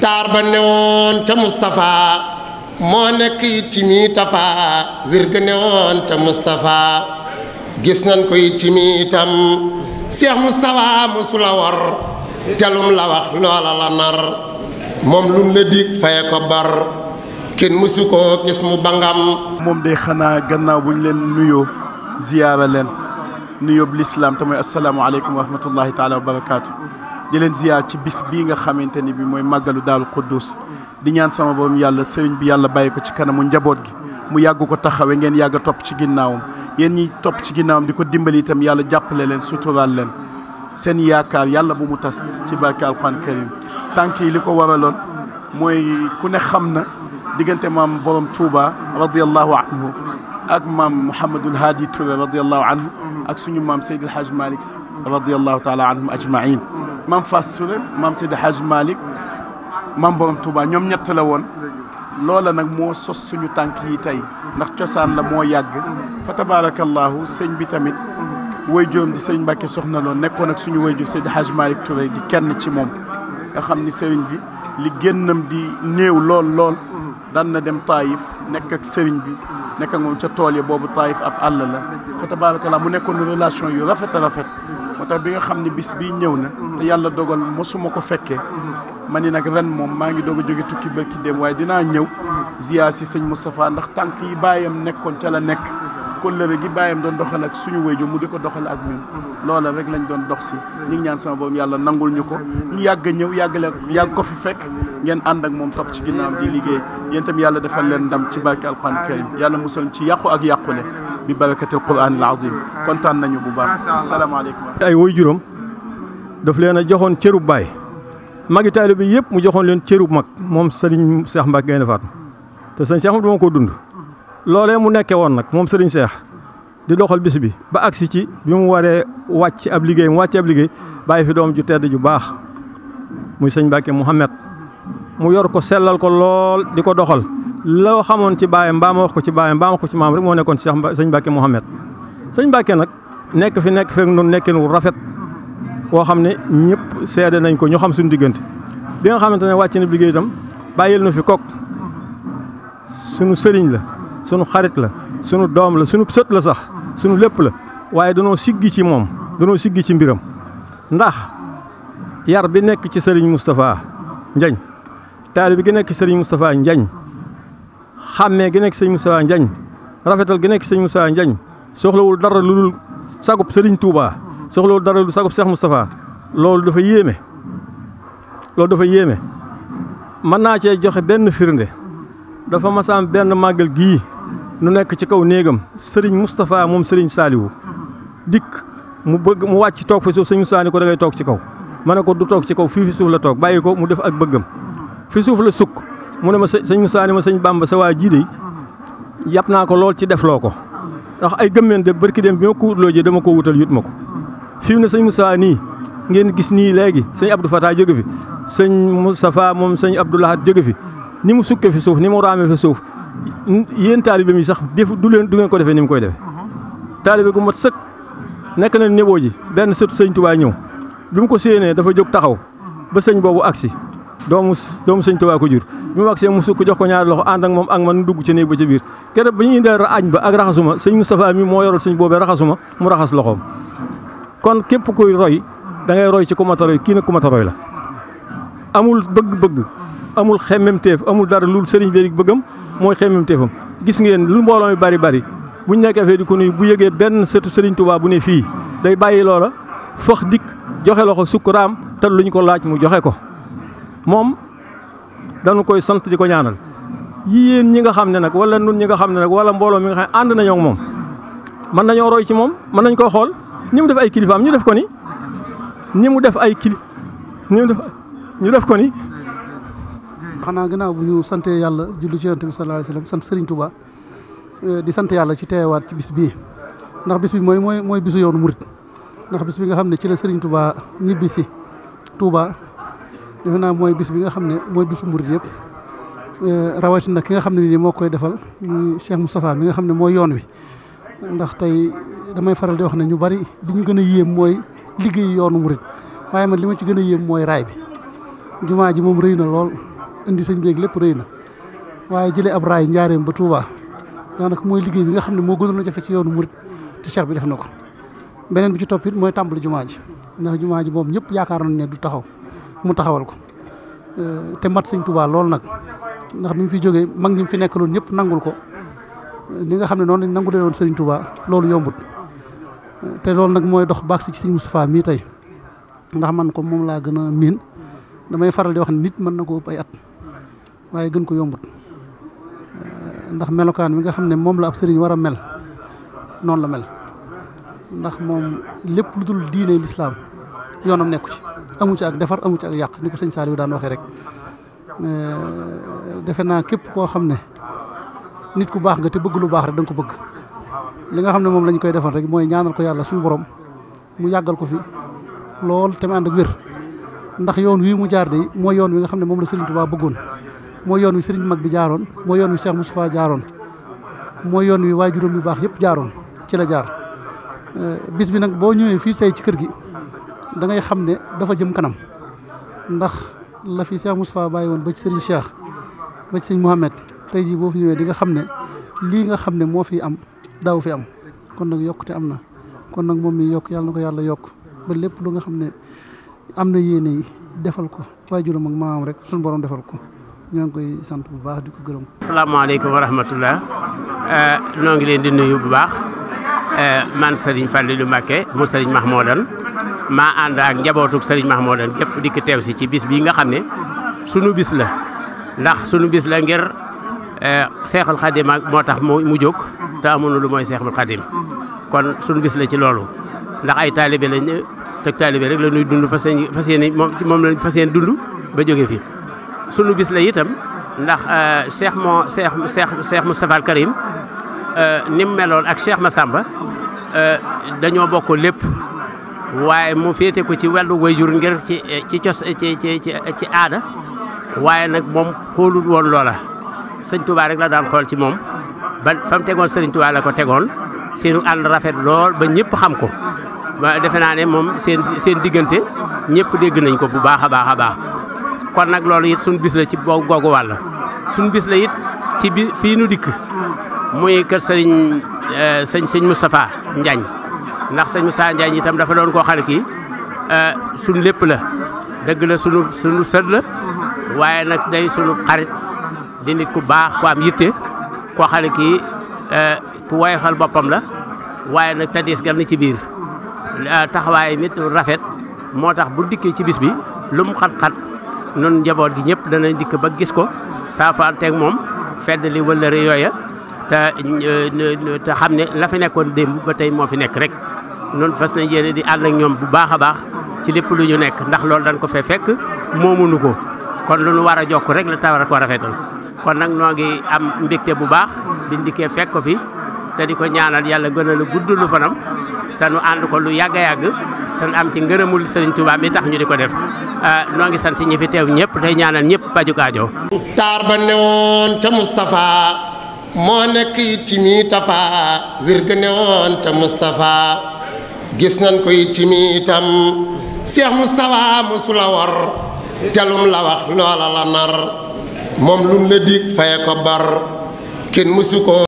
taar ba newoon ca Moustapha moo nekk it ci mii tafa wér ga newoon ca Moustapha gis nañ ko it ci mii itam Cheikh Moustapha mosula war jalum la wax loola la nar moom lum la dig faye ko bar kenn mosu koo gis mu bangam moom de xanaa gannaaw bu ñu leen nuyoo ziyaara leen nuyoo lislaam te mooy assalaamu aleykum wa rahmatullahi taala wa barakaatu di leen ziyaar ci bis bii nga xamante ni bi mooy màggalu Daaru Xuddus di ñaan sama borom yàlla sëriñ bi yàlla bàyyi ko ci kanamu njaboot gi mu yàgg ko taxawe ngeen yàgg a topp ci ginnaawam yéen ñi topp ci ginnaawam di ko dimbali itam yàlla jàppale leen suturaal leen seen yaakaar yàlla bu mu tas ci barke alxuraan karim tànk yi li ko waraloon mooy ku ne xam na diggante maam borom Touba radiallahu anhu ak maam Mouhamadul Hadi Touré radiallahu anhu ak suñu maam Seydil Hadj Malick radiallahu taala anhum ajmain maam fas Touré mam Seydi Hadj Malick maam Borom Touba ñoom ñett la woon loola nag moo sos suñu tànk yi tey ndax cosaan la moo yàgg fa tabaarakallaahu sëñ bi tamit way juróom di sëriñ Mbàkke soxna loon nekkoon ak suñu way jur Seydi Hadj Malick Touré di kenn ci moom nga xam ni sëriñ bi li génnam di néew lool lool daan na dem Taïf nekk ak sëriñ bi nekk ak moom ca tool ya boobu Taïf ab àll la fa tabaarakallaahu mu nekkoon relation yu rafet a rafet moo tax bi nga xam ne bis bii ñëw na. te yàlla dogal mosuma ko fekkee. Mm-hmm. ma ni nag ren moom maa ngi doog a jóge tukki bërki dem waaye dinaa ñëw. Mm-hmm. ziyaar si sëñ Moustapha ndax tànk yi baayam nekkoon ca la nekk. Mm-hmm. kóllëre gi baayam doon doxal ak suñu wéyjo mu di ko doxal ak ñun. loola rek lañ doon dox si. ñu ñaan sama boobu yàlla nangul ñu ko. ñu yàgg a ñëw yàggale yàgg ko fi fekk. ngeen ànd ak moom topp ci ginnaaw di liggéey yéen yàlla defal leen ndam ci barke alxuraan karim yàlla musal ci yàqu ak yàqule bi barakatil quraanil aziim kontaan nañu bu baax. asalaamaaleykum. ay woy juróom daf leen a joxoon cërub baay magi taalibe bi yëpp mu joxoon leen cërub mag moom Serigne Cheikh Mbacke Gaïndé Fatma te sëñ Cheikh dama ko dund. loole mu nekkee woon nag moom Serigne Cheikh di doxal bis bi ba agsi ci bi mu waree wàcc ab liggéey mu wàcc ab liggéey bàyyi fi doom ju tedd ju baax muy sëñ Mbacke Mouhamed mu yor ko sellal ko lool di ko doxal. loo xamoon ci baayam mbaa ma wax ko ci baayam mbaa ma wax ko ci maam rek moo nekkoon ci sëñ Mbàkke Mouhamed sëñ Mbàkke nag nekk fi nekk feek noonu nekkin wu rafet woo xam ne ñëpp seede nañ ko ñoo xam suñu diggante bi nga xamante ne wàcc na liggéey tam bàyyil nu fi kook suñu sëriñ la sunu xarit la sunu doom la suñu sët la sax suñu lépp la waaye danoo siggi ci moom danoo siggi ci mbiram ndax yar bi nekk ci sëriñ Moustapha Njañ taali bi gi nekk ci sëriñ Moustapha Njañ xàmmee gi nekk sëñ Moussa njañ rafetal gi nekk sëñ Moussa njañ soxlawul dara lu dul sagub Serigne Touba soxlawul dara lu dul sagub Cheikh Moustapha loolu dafa yéeme loolu dafa yéeme mën naa cee joxe benn firnde dafa masaam benn màggal gii nu nekk ci kaw néegam sëriñ Moustapha moom sëriñ Saliou dikk mu bëgg mu wàcc toog fi suuf sëñ Moussa ko da toog ci kaw ma ne ko du toog ci kaw fii fi suuf la toog bàyyi ko mu def ak bëggam fi suuf la sukk mu ne ma sëñ Moussa ne ma sëñ Bamba sa waa jii de yàpp naa ko lool ci def loo ko ndax ay gëmmeen de barki dem bi ma ko wutloo ji dama ko wutal yut ma ko fi na sañ sëñ Moussa nii ngeen gis nii léegi sëñ Abdou Fatah jóge fi sëñ Moustapha moom sañ Abdou Lahad jóge fi ni mu sukke fi suuf ni mu raame fi suuf yéen taalibe mi sax def du leen du ngeen ko defee ni mu koy defee taalibe gu mat sëkk nekk na neboo ji benn sëtu sëñ Tuubaa ñëw bi mu ko séenee dafa jóg taxaw ba sëñ boobu agsi doomu doomu sëñ Tuubaa ko jur bi mu agsee mu sukk jox ko ñaari loxo ànd ak moom ak man dugg ci néeg ba ca biir kere ba ñuy indee añ ba ak raxasuma sëñ Moustapha mi moo yoral sëñ boobee raxasuma mu raxas loxoom kon képp koy roy da ngay roy ci ku mat roy kii nag ku mat a roy la amul bëgg-bëgg amul xemmemteef amul dara lul sëriñ bi bëggam mooy xemmemteefam gis ngeen lu mbooloo mi bari bari buñ nekkee fee di ko nuyu bu yëgee benn sëtu sëriñ Tuubaa bu ne fii day bàyyi loola fox dikk joxe loxo sukk raam te luñ ko laaj mu joxe ko moom dañu koy sant di ko ñaanal yéen ñi nga xam ne nag wala nun ñi nga xam ne nag wala mbooloo mi nga xam ne ànd nañoo ak moom mën nañoo roy ci moom mën nañ ko xool ni mu def ay kilifaam ñu def ko ni ni def ay kili ni mu def ñu def ko ni. xanaa gannaaw bu ñu sante yàlla julli ci yonent bi sallallahu alayhi wa sant Serigne Touba eh, di sant yàlla ci teewaat ci bis bii ndax bis bi mooy mooy mooy bisu yoonu murit ndax bis bi nga xam ne ci la Serigne Touba ñibbisi Touba. defe naa mooy bis bi nga xam ne mooy bisu murid yëpp euh, rawatina ki nga xam ne nii moo koy defal muy Cheikh Moustapha nga xam ne mooy yoon wi ndax tey damay faral di wax ne ñu bari li ñu gën a yéem mooy liggéey yoonu murid waaye man li ma ci gën a yéem mooy raay bi jumaa ji moom rëy na lool indi sëñ beeg lépp rëy na waaye jëlee ab raay njaareem ba Touba daanaka mooy liggéey bi nga xam ne moo gënoon a jafe ci yoonu murid te cheikh bi def na ko beneen bi ci topp mooy tàmbali jumaa ji ndax jumaa ji moom ñëpp yaakaar nañ ne du taxaw mu taxawal ko te mat sëñ Tuubaa loolu nag ndax bi mu fi jógee mag ñi fi nekkaloon ñëpp nangul ko li nga xam ne noonu lañ nangu leen woon sëriñ loolu yombut te loolu nag mooy dox baax si ci sëñ Moustapha mii tey ndax man ko moom laa gën a miin damay faral di wax ne nit mën na ko ëpp at waaye gën ko yombut ndax melokaan mi nga xam ne moom la ab sëriñ war a mel noonu la mel ndax moom lépp lu dul diine lislaam yoonam nekku ci amu ci ak defar amu ci ak yàq ni ko sëñ Saliou daan waxee rek euh, defe naa képp koo xam ne nit ku baax nga te bëgg lu baax rek da ko bëgg li nga xam ne moom lañ koy defal rek mooy ñaanal ko yàlla suñu borom mu yàggal ko fi lool te ak wér ndax yoon wii mu jaar de mooy yoon wi nga xam ne moom la Serigne Touba bëggoon mooy yoon wi Serigne mag bi jaaroon mooy yoon wi Cheikh Moustapha jaaroon mooy yoon wi waajuram yu baax yëpp jaaroon ci la jaar euh, bis bi nag boo ñëwee fii tey ci kër gi da ngay xam ne dafa jëm kanam ndax la fi Cheikh Moustapha bàyyi woon ba ci sëriñ Cheikh ba ci sëriñ Mouhamed tey jii boo fi ñëwee di nga xam ne lii nga xam ne moo fi am daaw fi am kon nag yokkute am na kon nag moom mi yokk yàlla na ko yàlla yokk ba lépp lu nga xam ne am na yéene defal ko waajuram ak maam rek suñu borom defal ko ñoo ngi koy sant bu baax di ko gërëm. asalaamaaleykum wa rahmatullah eh, noo ngi leen di nuyu bu baax eh, man Serigne Fallilou Mbacké mu Serigne Mahmoudane maa ànd ak njabootug sëriñ Mahmoudan gépp dikk teew si ci bis bii nga xam ne sunu bis la ndax sunu bis la ngir eh, seexul xadim moo tax mu jóg te amuñu lu mooy seexul xadim kon sunu bis la ci loolu ndax ay taalibe lañ teg taalibe rek la ñuy dund fas yéene fas yéene moom moom lañ fas yéene dund ba jóge fi sunu bis la itam ndax eh, seex moo seex seex seex Moustapha al Karim eh, ni mu meloon ak seex Massamba dañoo bokk lépp waaye mu féete ko ci wàllu wayjur ngir ci ci cos ci ci ci aada waaye nag moom xoolul woon loola sëñ Touba rek la daan xool ci moom ba fa tegoon sëriñ Touba la ko tegoon seenu ànd rafet lool ba ñëpp xam ko ba defe naa ne moom seen seen diggante ñëpp dégg nañ ko bu baax a baax a baax kon nag loolu it suñu bis la ci boo googu wàll suñu bis la it ci bi fii nu dikk muy kër sëriñ eh, sëñ sëñ Moustapha Ndiagne ndax sëñ saa Ndiaye itam dafa doon koo xam ne kii eh, suñ lépp la dëgg la sunu sunu sët la waaye nag day sunu xarit di nit ku baax ku am yitte koo xam ne kii eh, ku woyofal boppam la waaye nag tadis gan na ci biir eh, taxawaay mit rafet moo tax bu dikkee ci bis bi lu mu xat-xat nun njaboot gi ñëpp danañ dikk ba gis ko saafaanteeg moom fedd li wëllëre yooya te xam ne la fi nekkoon démb ba tey moo fi nekk rek noonu fas nañ yéene di ànd ak ñoom bu baax a baax ci lépp lu ñu nekk ndax loolu dañ ko fee fekk moomunu ko kon lu ñu war a jokk rek la tawar ko rafetal kon nag noo ngi am bu baax biñ dikkee fekk ko fi te di ko ñaanal yàlla gën a lu lu fanam te nu ko lu yàgg yàgg te am ci ngërëmul Serigne Touba mi tax ñu di ko def euh, noo ngi sant ñi fi teew ñëpp tey ñaanal ñëpp pajukaajo taar ba newoon ca Moustapha moo nekk it ci mii tafa wir ga newoon ca Moustapha gis nañ ko it ci miitam Cheikh Moustapha musula war telum la wax loola la nar moom lun la dig faye ko bar kenn musu ko